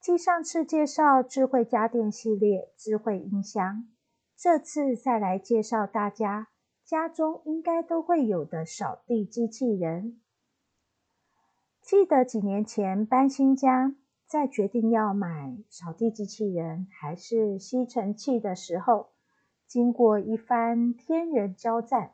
繼上次介紹智慧家電系列、智慧音箱，這次再來介紹大家家中應該都會有的掃地機器人。記得幾年前搬新家，在決定要買掃地機器人還是吸塵器的時候，經過一番天人交戰，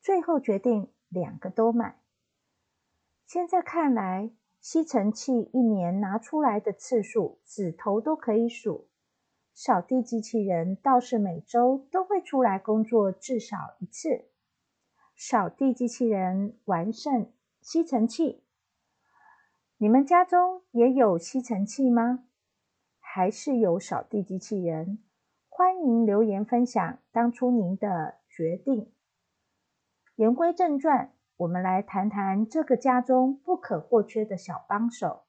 最後決定兩個都買。現在看來，吸塵器一年拿出來的次數，指頭都可以數。掃地機器人倒是每週都會出來工作至少一次。掃地機器人完勝吸塵器。你們家中也有吸塵器嗎？還是有掃地機器人？歡迎留言分享當初您的決定。言歸正傳。我們來談談這個家中不可或缺的小幫手。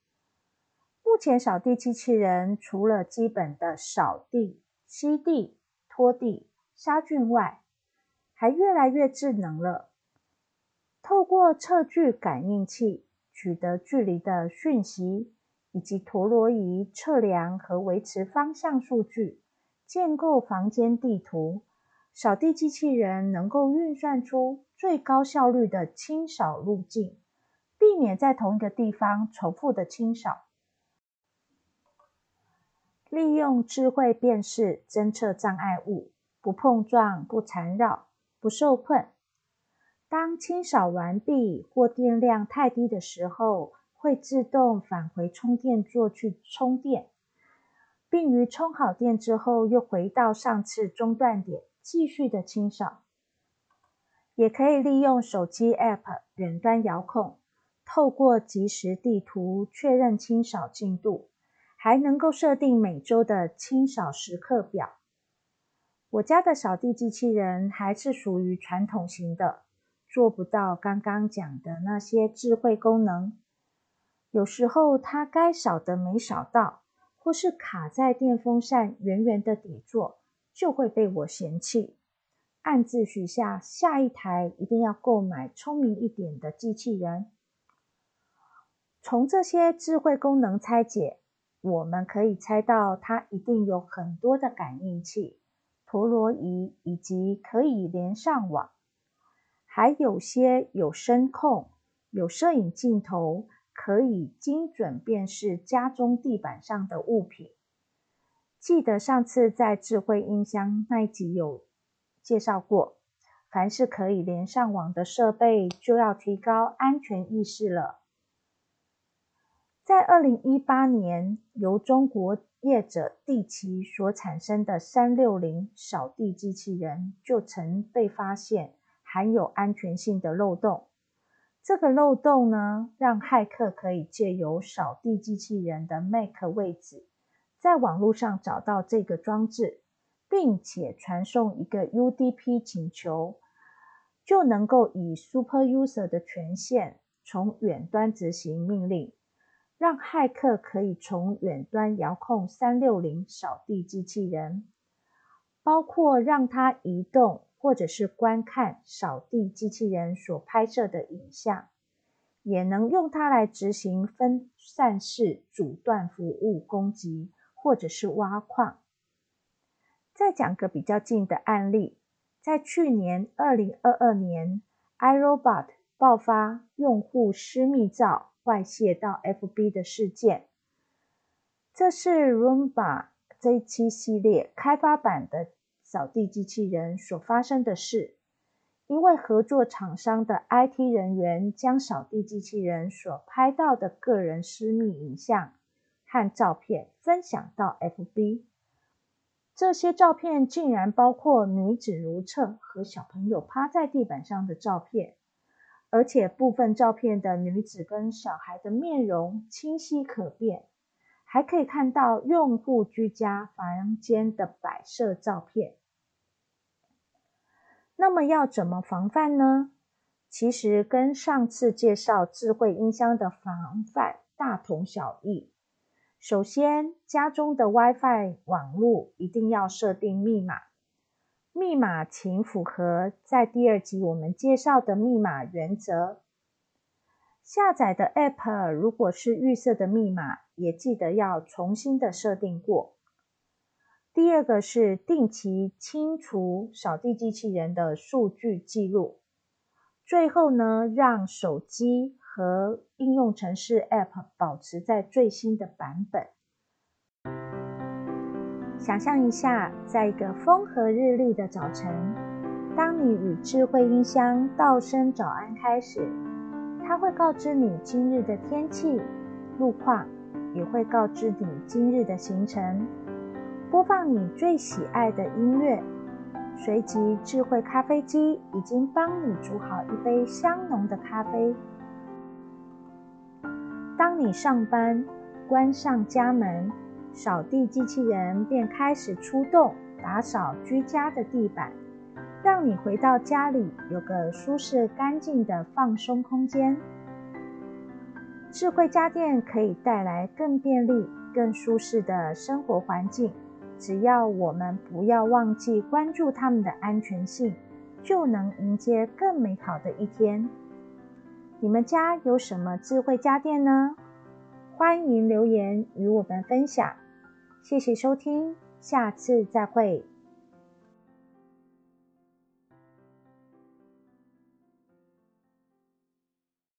目前，掃地機器人除了基本的掃地、吸地、拖地、殺菌外，還越來越智能了。透過測距感應器取得距離的訊息，以及陀螺儀測量和維持方向數據，建構房間地圖，掃地機器人能夠運算出，最高效率的清掃路徑，避免在同一個地方重複的清掃。利用智慧辨識偵測障礙物，不碰撞、不纏繞、不受困。當清掃完畢或電量太低的時候，會自動返回充電座去充電，並於充好電之後，又回到上次中斷點繼續的清掃。也可以利用手機 App 遠端遙控，透過即時地圖確認清掃進度，還能夠設定每週的清掃時刻表。我家的掃地機器人還是屬於傳統型的，做不到剛剛講的那些智慧功能。有時候它該掃的沒掃到，或是卡在電風扇圓圓的底座，就會被我嫌棄。暗自許下，下一台一定要購買聰明一點的機器人。從這些智慧功能拆解，我們可以猜到它一定有很多的感應器、陀螺儀，以及可以連上網，還有些有聲控、有攝影鏡頭，可以精準辨識家中地板上的物品。記得上次在智慧音箱那一集有。介紹過，凡是可以連上網的設備，就要提高安全意識了。在二零一八年，由中國業者蒂奇所產生的三六零掃地機器人，就曾被發現含有安全性的漏洞。這個漏洞呢，讓駭客可以借由掃地機器人的 Mac 位置，在網絡上找到這個裝置。並且傳送一個 UDP 請求，就能夠以 super user 的權限從遠端執行命令，讓駭客可以從遠端遙控360掃地機器人，包括讓它移動或者是觀看掃地機器人所拍攝的影像，也能用它來執行分散式阻斷服務攻擊，或者是挖礦。再講個比較近的案例，在去年二零二二年，iRobot 爆發用戶私密照外泄到 FB 的事件。這是 Roomba J7 系列開發版的掃地機器人所發生的事，因為合作廠商的 IT 人員將掃地機器人所拍到的個人私密影像和照片分享到 FB。這些照片竟然包括女子如廁和小朋友趴在地板上的照片，而且部分照片的女子跟小孩的面容清晰可辨，還可以看到用戶居家房間的擺設照片。那麼要怎麼防範呢？其實跟上次介紹智慧音箱的防範大同小異。首先，家中的 WiFi 網絡一定要設定密碼，密碼請符合在第二集我們介紹的密碼原則。下載的 App 如果是預設的密碼，也記得要重新的設定過。第二個是定期清除掃地機器人的數據記錄。最後呢，讓手機，和應用程式 App 保持在最新的版本。想象一下，在一個風和日麗的早晨，當你與智慧音箱道聲早安開始，它會告知你今日的天氣、路況，也會告知你今日的行程，播放你最喜愛的音樂。隨即，智慧咖啡機已經幫你煮好一杯香濃的咖啡。當你上班，關上家門，掃地機器人便開始出動，打掃居家的地板，讓你回到家裡有個舒適、乾淨的放鬆空間。智慧家電可以帶來更便利、更舒適的生活環境，只要我們不要忘記關注它們的安全性，就能迎接更美好的一天。你們家有什麼智慧家電呢？歡迎留言與我們分享。謝謝收聽，下次再會。